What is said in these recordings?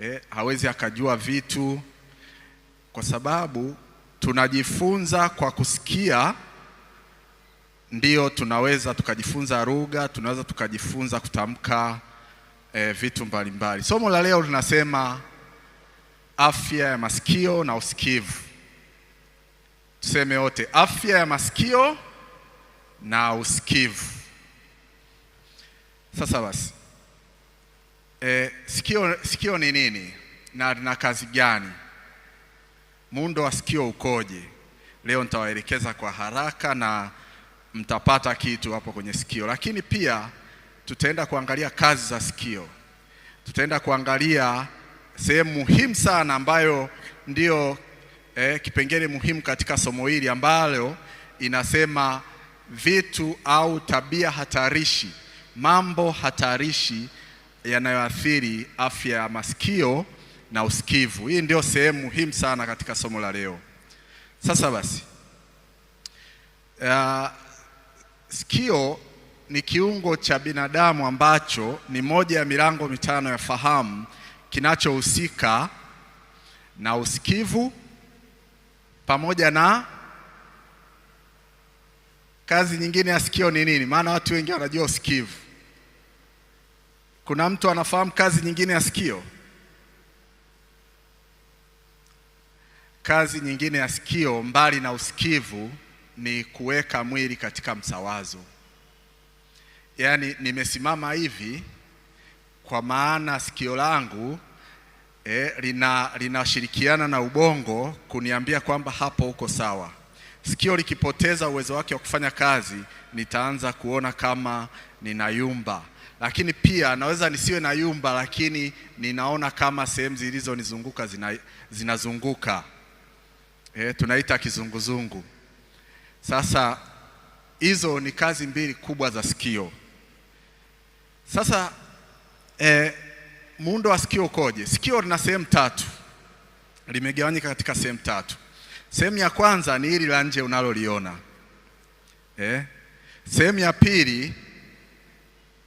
eh, hawezi akajua vitu, kwa sababu tunajifunza kwa kusikia. Ndio tunaweza tukajifunza lugha, tunaweza tukajifunza kutamka eh, vitu mbalimbali. Somo la leo linasema afya ya masikio na usikivu. Tuseme wote, afya ya masikio na usikivu. Sasa basi E, sikio, sikio ni nini na lina kazi gani? Muundo wa sikio ukoje? Leo nitawaelekeza kwa haraka na mtapata kitu hapo kwenye sikio, lakini pia tutaenda kuangalia kazi za sikio, tutaenda kuangalia sehemu muhimu sana ambayo ndiyo eh, kipengele muhimu katika somo hili ambalo inasema vitu au tabia hatarishi, mambo hatarishi yanayoathiri afya ya masikio na usikivu. Hii ndio sehemu muhimu sana katika somo la leo. Sasa basi, uh, sikio ni kiungo cha binadamu ambacho ni moja ya milango mitano ya fahamu kinachohusika na usikivu pamoja na kazi nyingine ya sikio ni nini? Maana watu wengi wanajua usikivu kuna mtu anafahamu kazi nyingine ya sikio? Kazi nyingine ya sikio mbali na usikivu ni kuweka mwili katika msawazo. Yaani nimesimama hivi kwa maana sikio langu eh, lina linashirikiana na ubongo kuniambia kwamba hapo uko sawa. Sikio likipoteza uwezo wake wa kufanya kazi, nitaanza kuona kama ninayumba lakini pia naweza nisiwe na yumba, lakini ninaona kama sehemu zilizonizunguka zina, zinazunguka eh, tunaita kizunguzungu. Sasa hizo ni kazi mbili kubwa za sikio. Sasa e, muundo wa sikio ukoje? Sikio lina sehemu tatu, limegawanyika katika sehemu tatu. Sehemu ya kwanza ni hili la nje unaloliona eh. Sehemu ya pili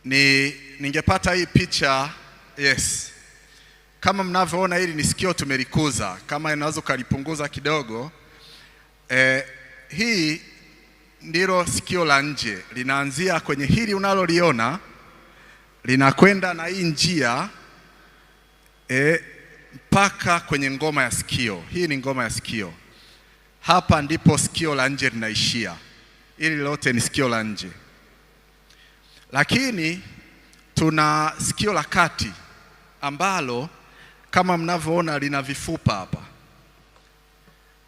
ni ningepata hii picha yes. Kama mnavyoona hili ni sikio tumelikuza, kama inaweza ukalipunguza kidogo eh, hii ndilo sikio la nje, linaanzia kwenye hili unaloliona linakwenda na hii njia eh, mpaka kwenye ngoma ya sikio. Hii ni ngoma ya sikio, hapa ndipo sikio la nje linaishia. Hili lote ni sikio la nje. Lakini tuna sikio la kati ambalo kama mnavyoona lina vifupa hapa.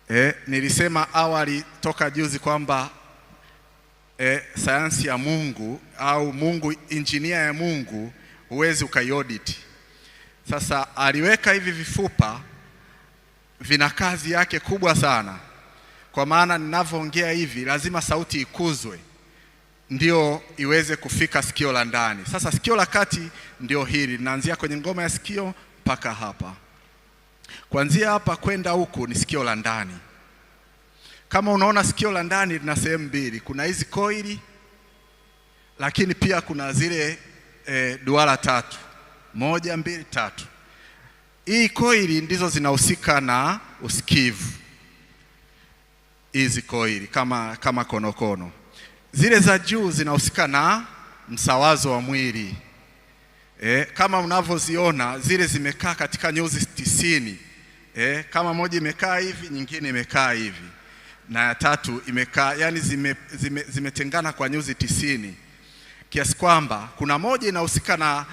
E, nilisema awali toka juzi kwamba e, sayansi ya Mungu au Mungu injinia ya Mungu huwezi ukaiodit. Sasa aliweka hivi vifupa, vina kazi yake kubwa sana. Kwa maana ninavyoongea hivi lazima sauti ikuzwe ndio iweze kufika sikio la ndani. Sasa sikio la kati ndio hili linaanzia kwenye ngoma ya sikio mpaka hapa, kuanzia hapa kwenda huku ni sikio la ndani. Kama unaona sikio la ndani lina sehemu mbili, kuna hizi koili, lakini pia kuna zile e, duara tatu, moja, mbili, tatu. Hii koili ndizo zinahusika na usikivu, hizi koili kama kama konokono Zile za juu zinahusika na msawazo wa mwili e, kama unavyoziona zile zimekaa katika nyuzi tisini e, kama moja imekaa hivi nyingine imekaa hivi na ya tatu imekaa yani zimetengana zime, zime kwa nyuzi tisini kiasi kwamba kuna moja inahusika na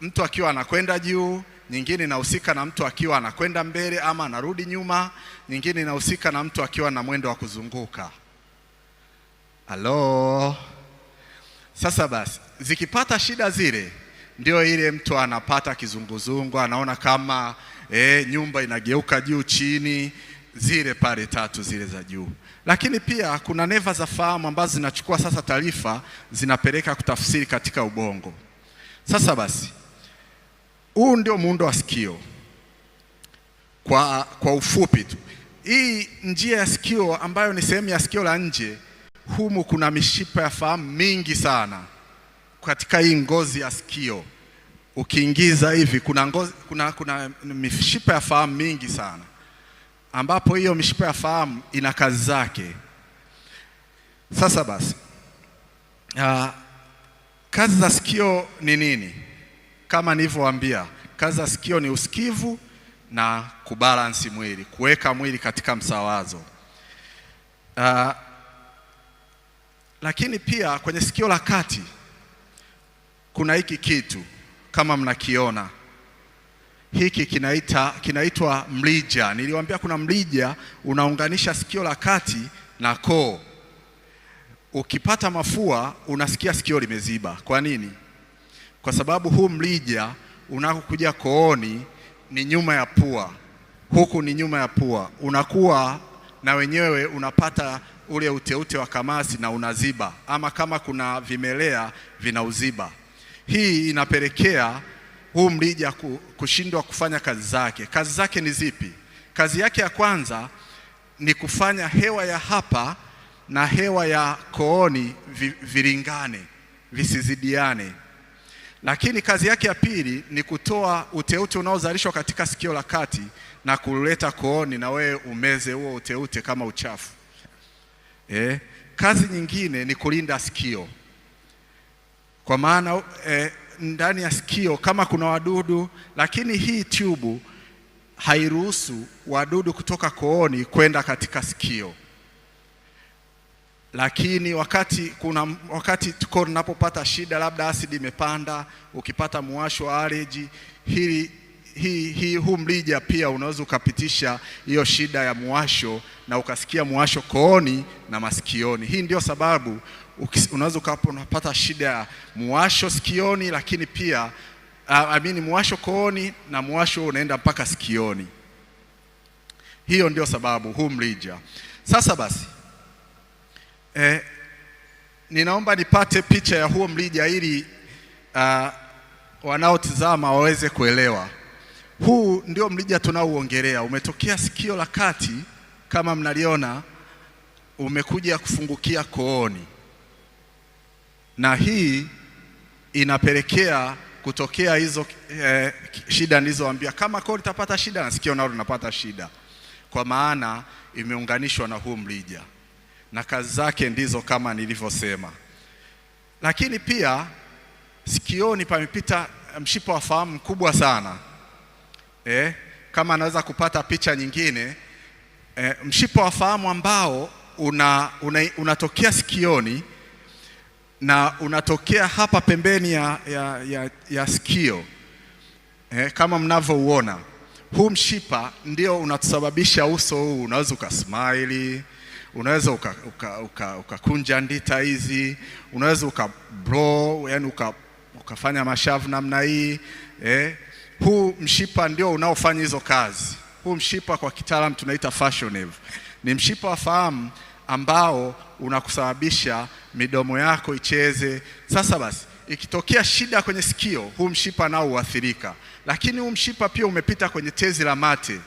mtu akiwa anakwenda juu, nyingine inahusika na mtu akiwa anakwenda mbele ama anarudi nyuma, nyingine inahusika na mtu akiwa na mwendo wa kuzunguka. Halo. Sasa basi zikipata shida zile ndio ile mtu anapata kizunguzungu, anaona kama e, nyumba inageuka juu chini, zile pale tatu zile za juu. Lakini pia kuna neva za fahamu ambazo zinachukua sasa taarifa zinapeleka kutafsiri katika ubongo. Sasa basi huu ndio muundo wa sikio kwa, kwa ufupi tu. Hii njia ya sikio ambayo ni sehemu ya sikio la nje humu kuna mishipa ya fahamu mingi sana katika hii ngozi ya sikio. Ukiingiza hivi kuna, ngozi, kuna, kuna mishipa ya fahamu mingi sana ambapo hiyo mishipa ya fahamu ina kazi zake. Sasa basi uh, kazi za sikio ni nini? Kama nilivyowaambia, kazi za sikio ni usikivu na kubalansi mwili, kuweka mwili katika msawazo. Uh, lakini pia kwenye sikio la kati kuna hiki kitu kama mnakiona hiki kinaita kinaitwa mlija. Niliwaambia kuna mlija unaunganisha sikio la kati na koo. Ukipata mafua unasikia sikio limeziba. Kwa nini? Kwa sababu huu mlija unakokuja kooni ni nyuma ya pua, huku ni nyuma ya pua, unakuwa na wenyewe unapata ule uteute wa kamasi na unaziba, ama kama kuna vimelea vinauziba. Hii inapelekea huu mrija kushindwa kufanya kazi zake. Kazi zake ni zipi? Kazi yake ya kwanza ni kufanya hewa ya hapa na hewa ya kooni vilingane, visizidiane. Lakini kazi yake ya pili ni kutoa uteute unaozalishwa katika sikio la kati na kuleta kooni, na wewe umeze huo uteute kama uchafu eh. Kazi nyingine ni kulinda sikio, kwa maana eh, ndani ya sikio kama kuna wadudu, lakini hii tube hairuhusu wadudu kutoka kooni kwenda katika sikio. Lakini wakati kuna wakati tuko tunapopata shida, labda asidi imepanda, ukipata muwasho wa allergy, hili hii hi, huu mlija pia unaweza ukapitisha hiyo shida ya muwasho na ukasikia muwasho kooni na masikioni. Hii ndio sababu unaweza unapata shida ya muwasho sikioni, lakini pia amini muwasho kooni na muwasho unaenda mpaka sikioni. Hiyo ndio sababu huu mlija. Sasa basi eh, ninaomba nipate picha ya huo mlija ili uh, wanaotizama waweze kuelewa. Huu ndio mlija tunaouongelea, umetokea sikio la kati kama mnaliona, umekuja kufungukia kooni, na hii inapelekea kutokea hizo eh, shida nilizoambia. Kama koo litapata shida na sikio nalo linapata shida, kwa maana imeunganishwa na huu mlija, na kazi zake ndizo kama nilivyosema. Lakini pia sikioni pamepita mshipa wa fahamu mkubwa sana eh, kama anaweza kupata picha nyingine eh, mshipa wa fahamu ambao unatokea una, unatokea sikioni na unatokea hapa pembeni ya, ya, ya, ya sikio eh, kama mnavyouona huu mshipa ndio unatusababisha uso huu, unaweza ukasmile, unaweza ukakunja uka, uka, uka ndita hizi, unaweza ukablow, yani ukafanya mashavu namna hii eh. Huu mshipa ndio unaofanya hizo kazi. Huu mshipa kwa kitaalamu tunaita fascia nerve, ni mshipa wa fahamu ambao unakusababisha midomo yako icheze. Sasa basi ikitokea shida kwenye sikio, huu mshipa nao huathirika. Lakini huu mshipa pia umepita kwenye tezi la mate,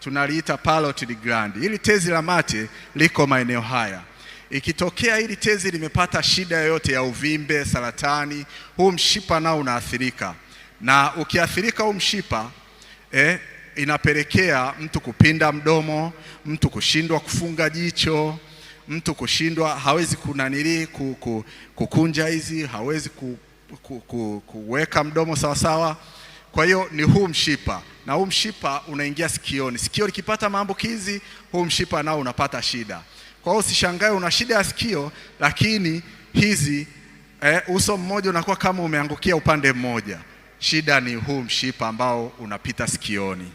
tunaliita parotid gland. Hili tezi la mate liko maeneo haya. Ikitokea hili tezi limepata shida yoyote ya uvimbe, saratani, huu mshipa nao unaathirika na ukiathirika huu mshipa eh, inapelekea mtu kupinda mdomo, mtu kushindwa kufunga jicho, mtu kushindwa, hawezi kunanili kukunja hizi, hawezi ku, ku, ku, kuweka mdomo sawa sawa. Kwa hiyo ni huu mshipa, na huu mshipa unaingia sikioni. Sikio likipata maambukizi, huu mshipa nao unapata shida. Kwa hiyo usishangae una shida ya sikio, lakini hizi eh, uso mmoja unakuwa kama umeangukia upande mmoja. Shida ni huu mshipa ambao unapita sikioni.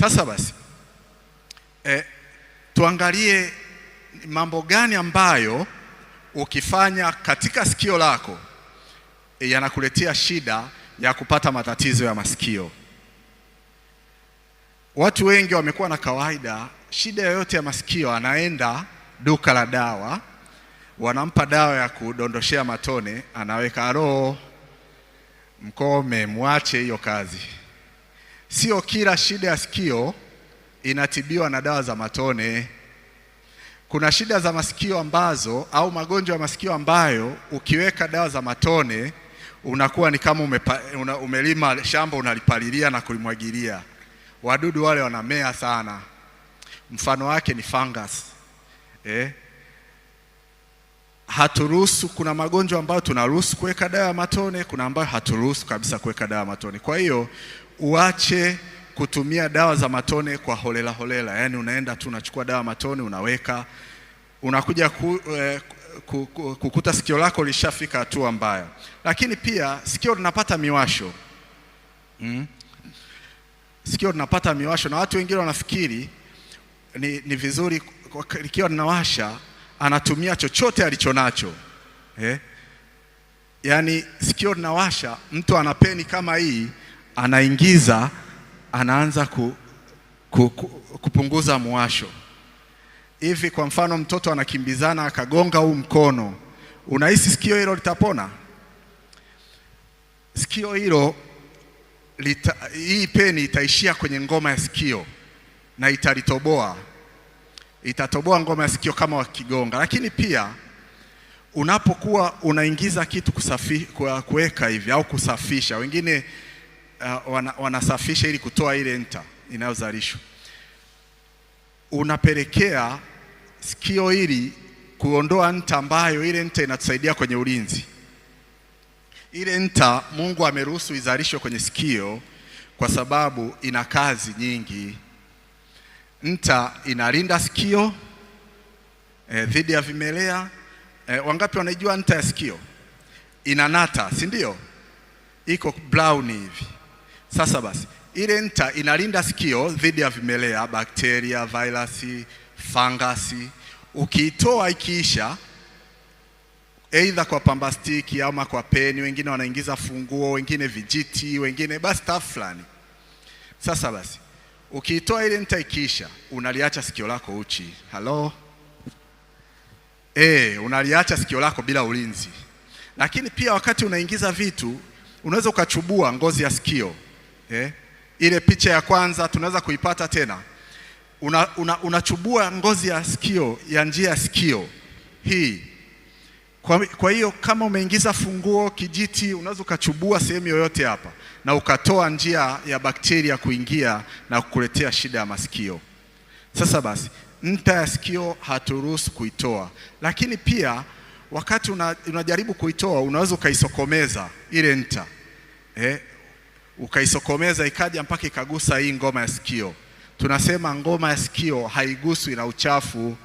Sasa basi e, tuangalie mambo gani ambayo ukifanya katika sikio lako e, yanakuletea shida ya kupata matatizo ya masikio. Watu wengi wamekuwa na kawaida, shida yoyote ya masikio, anaenda duka la dawa, wanampa dawa ya kudondoshea matone, anaweka roho Mkome, mwache hiyo kazi. Sio kila shida ya sikio inatibiwa na dawa za matone. Kuna shida za masikio ambazo au magonjwa ya masikio ambayo ukiweka dawa za matone unakuwa ni kama umepa, una, umelima shamba unalipalilia na kulimwagilia, wadudu wale wanamea sana. Mfano wake ni fungus eh? haturuhusu. Kuna magonjwa ambayo tunaruhusu kuweka dawa ya matone, kuna ambayo haturuhusu kabisa kuweka dawa ya matone. Kwa hiyo uache kutumia dawa za matone kwa holela holela, yani unaenda tu unachukua dawa matone unaweka, unakuja ku, eh, kukuta sikio lako lishafika hatua mbaya. Lakini pia sikio linapata miwasho mm? Sikio linapata miwasho na watu wengine wanafikiri ni, ni vizuri likiwa linawasha anatumia chochote alichonacho eh? Yaani sikio linawasha, mtu ana peni kama hii, anaingiza, anaanza ku, ku, ku, kupunguza mwasho hivi. Kwa mfano, mtoto anakimbizana akagonga huu mkono, unahisi sikio hilo litapona? Sikio hilo lita, hii peni itaishia kwenye ngoma ya sikio na italitoboa itatoboa ngoma ya sikio kama wakigonga. Lakini pia unapokuwa unaingiza kitu kusafi, kuweka hivi au kusafisha, wengine uh, wana, wanasafisha ili kutoa ile nta inayozalishwa, unapelekea sikio hili kuondoa nta ambayo ile nta inatusaidia kwenye ulinzi. Ile nta Mungu ameruhusu izalishwe kwenye sikio kwa sababu ina kazi nyingi. Nta inalinda sikio e, dhidi ya vimelea e, wangapi wanaijua nta ya sikio? Inanata, si ndio? Iko brown hivi. Sasa basi ile nta inalinda sikio dhidi ya vimelea, bakteria, virusi, fangasi. Ukiitoa ikiisha, aidha kwa pambastiki ama kwa peni, wengine wanaingiza funguo, wengine vijiti, wengine basi tafu fulani. Sasa basi Ukiitoa ile nta ikiisha, unaliacha sikio lako uchi. Halo e, eh, unaliacha sikio lako bila ulinzi. Lakini pia wakati unaingiza vitu unaweza ukachubua ngozi ya sikio e, ile picha ya kwanza tunaweza kuipata tena. Unachubua una, una ngozi ya sikio ya njia ya sikio hii kwa, kwa hiyo kama umeingiza funguo, kijiti, unaweza ukachubua sehemu yoyote hapa na ukatoa njia ya bakteria kuingia na kukuletea shida ya masikio. Sasa basi, nta ya sikio haturuhusu kuitoa, lakini pia wakati una, unajaribu kuitoa unaweza ukaisokomeza ile nta eh, ukaisokomeza ikaja mpaka ikagusa hii ngoma ya sikio. Tunasema ngoma ya sikio haiguswi na uchafu,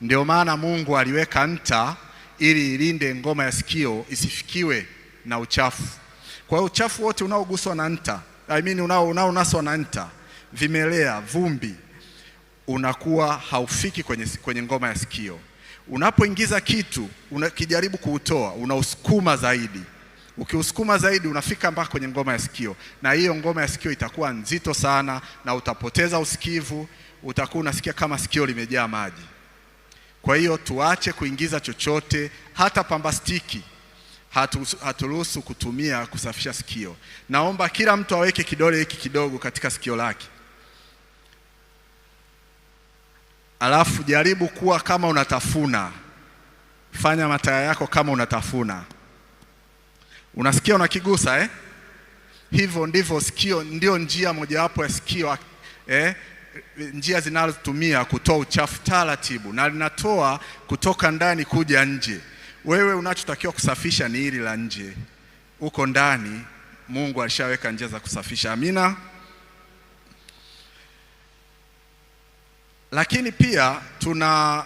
ndio maana Mungu aliweka nta ili ilinde ngoma ya sikio isifikiwe na uchafu. Kwa hiyo uchafu wote unaoguswa na nta, I mean unao unaonaswa na nta, vimelea, vumbi, unakuwa haufiki kwenye, kwenye ngoma ya sikio. Unapoingiza kitu unakijaribu kuutoa, unausukuma zaidi ukiusukuma zaidi unafika mpaka kwenye ngoma ya sikio, na hiyo ngoma ya sikio itakuwa nzito sana na utapoteza usikivu, utakuwa unasikia kama sikio limejaa maji. Kwa hiyo tuache kuingiza chochote, hata pambastiki haturuhusu kutumia kusafisha sikio. Naomba kila mtu aweke kidole hiki kidogo katika sikio lake, alafu jaribu kuwa kama unatafuna. Fanya mataya yako kama unatafuna. Unasikia unakigusa eh? Hivyo ndivyo sikio, ndio njia mojawapo ya sikio eh, njia zinazotumia kutoa uchafu taratibu, na linatoa kutoka ndani kuja nje. Wewe unachotakiwa kusafisha ni hili la nje, huko ndani Mungu alishaweka njia za kusafisha. Amina. Lakini pia tuna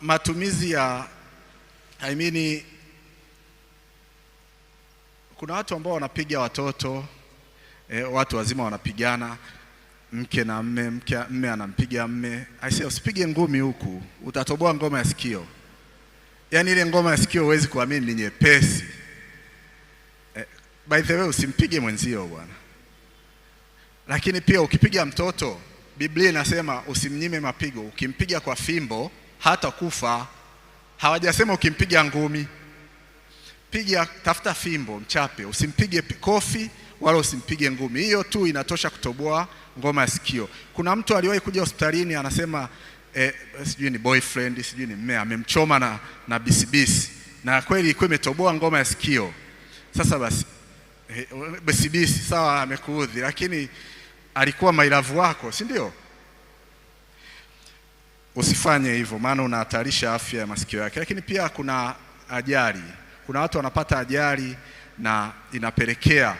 matumizi ya I mean, kuna watu ambao wanapiga watoto eh, watu wazima wanapigana mke na mme, mke mme anampiga mme, say usipige ngumi huku, utatoboa ngoma ya sikio. Yaani ile ngoma ya sikio huwezi kuamini ni nyepesi. Eh, by the way usimpige mwenzio bwana. Lakini pia ukipiga mtoto, Biblia inasema usimnyime mapigo, ukimpiga kwa fimbo hata kufa. Hawajasema ukimpiga ngumi. Piga, tafuta fimbo, mchape, usimpige kofi wala usimpige ngumi. Hiyo tu inatosha kutoboa ngoma ya sikio. Kuna mtu aliwahi kuja hospitalini anasema eh, sijui ni boyfriend sijui ni mme amemchoma na, na bisibisi na kweli ilikuwa imetoboa ngoma ya sikio. Sasa basi eh, bisibisi sawa, amekuudhi lakini alikuwa mailavu wako, si ndio? Usifanye hivyo, maana unahatarisha afya ya masikio yake. Lakini pia kuna ajali, kuna watu wanapata ajali na inapelekea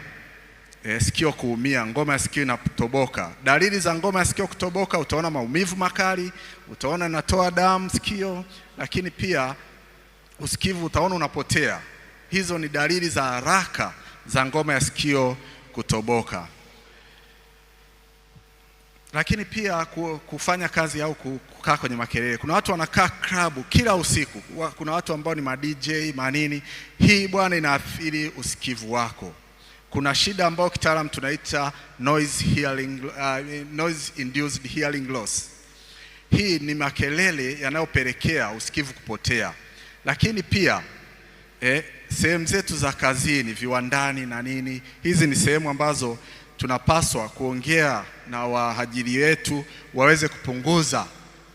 e, sikio kuumia, ngoma ya sikio inatoboka. Dalili za ngoma ya sikio kutoboka, utaona maumivu makali, utaona inatoa damu sikio, lakini pia usikivu utaona unapotea. Hizo ni dalili za haraka za ngoma ya sikio kutoboka. Lakini pia kufanya kazi au kukaa kwenye makelele. Kuna watu wanakaa klabu kila usiku, kuna watu ambao ni ma DJ manini. Hii bwana inaathiri usikivu wako kuna shida ambayo kitaalam tunaita noise hearing, uh, noise induced hearing loss. Hii ni makelele yanayopelekea usikivu kupotea, lakini pia eh, sehemu zetu za kazini, viwandani na nini, hizi ni sehemu ambazo tunapaswa kuongea na waajiri wetu waweze kupunguza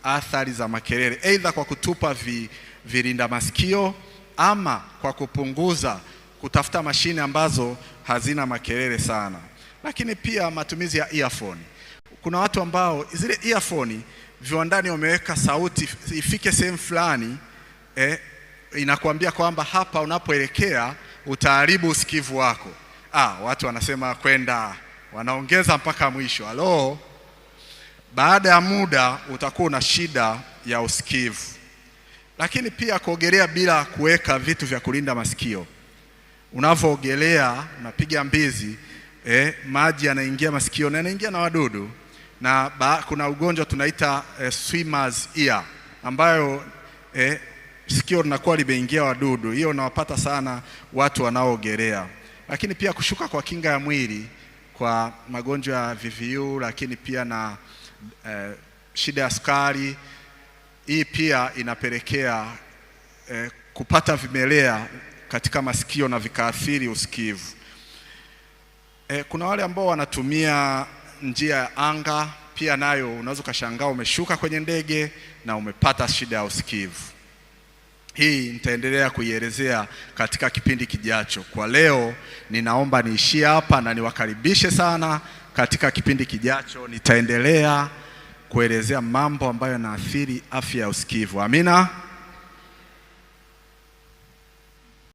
athari za makelele, aidha kwa kutupa vi, vilinda masikio ama kwa kupunguza kutafuta mashine ambazo hazina makelele sana, lakini pia matumizi ya earphone. Kuna watu ambao zile earphone viwandani wameweka sauti ifike sehemu fulani eh, inakuambia kwamba hapa unapoelekea utaharibu usikivu wako. Ah, watu wanasema kwenda, wanaongeza mpaka mwisho. Halo, baada ya muda utakuwa una shida ya usikivu. Lakini pia kuogelea bila kuweka vitu vya kulinda masikio unavoogelea unapiga mbizi eh, maji yanaingia na yanaingia na wadudu na ba, kuna ugonjwa tunaita eh, swimmers ear ambayo eh, sikio linakuwa limeingia wadudu. Hiyo unawapata sana watu wanaoogelea, lakini pia kushuka kwa kinga ya mwili kwa magonjwa ya VVU, lakini pia na eh, shida ya sukari. Hii pia inapelekea eh, kupata vimelea katika masikio na vikaathiri usikivu. E, kuna wale ambao wanatumia njia ya anga pia, nayo unaweza ukashangaa umeshuka kwenye ndege na umepata shida ya usikivu. Hii nitaendelea kuielezea katika kipindi kijacho. Kwa leo ninaomba niishie hapa na niwakaribishe sana. Katika kipindi kijacho nitaendelea kuelezea mambo ambayo yanaathiri afya ya usikivu. Amina.